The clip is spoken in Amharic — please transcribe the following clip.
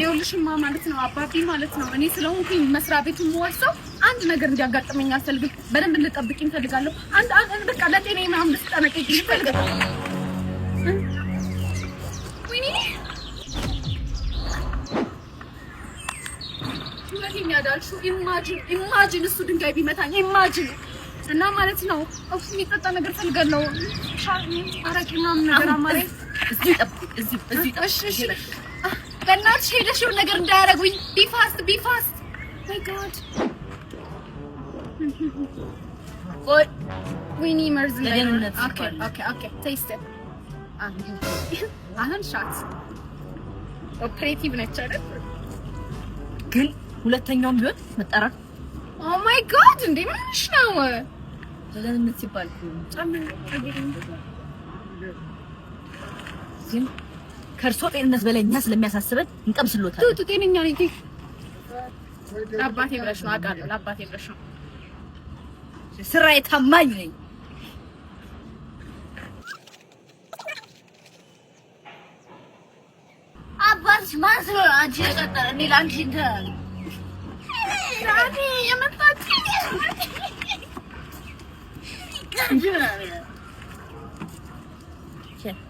ይኸውልሽማ ማለት ነው አባቢ ማለት ነው እኔ ስለሆንኩኝ መስሪያ ቤቱን የምወርሰው አንድ ነገር እንዲያጋጥመኝ አልፈልግም። በደንብ እንድጠብቅ እንፈልጋለሁ። አንድ አንድ በቃ ለጤኔ ምናምን ልትጠነቀቂ እንፈልጋለሁ። ያዳልሹ ኢማጂን ኢማጂን እሱ ድንጋይ ቢመታኝ ኢማጂን እና ማለት ነው እሱ የሚጠጣ ነገር ፈልጋለሁ። ሻይ አረቄ ምናምን ነገር አማሬ እዚህ በእናትሽ ሄደሽ ነገር እንዳያደርጉኝ። ቢፋስት ቢፋስት ወይኔ መርዝ አሁን ሻት ኦፕሬቲቭ ነች አይደል? ግን ሁለተኛውም ቢሆን መጠራት ኦ ማይ ጋድ እንዴ ምን ሆነሽ ነው? ለደህንነት ሲባል ከእርሶ ጤንነት በላይ እኛ ስለሚያሳስበን እንቀምስሎታል። ቱ ጤነኛ ነኝ። አባቴ ብለሽ ነው አውቃለሁ። ለአባቴ ብለሽ ነው ስራ ታማኝ ነኝ። አባትሽ ማን ስለሆነ አንቺ የቀጠረ እኔ ለአንቺ እንደ የመጣች እንጂ ምናምን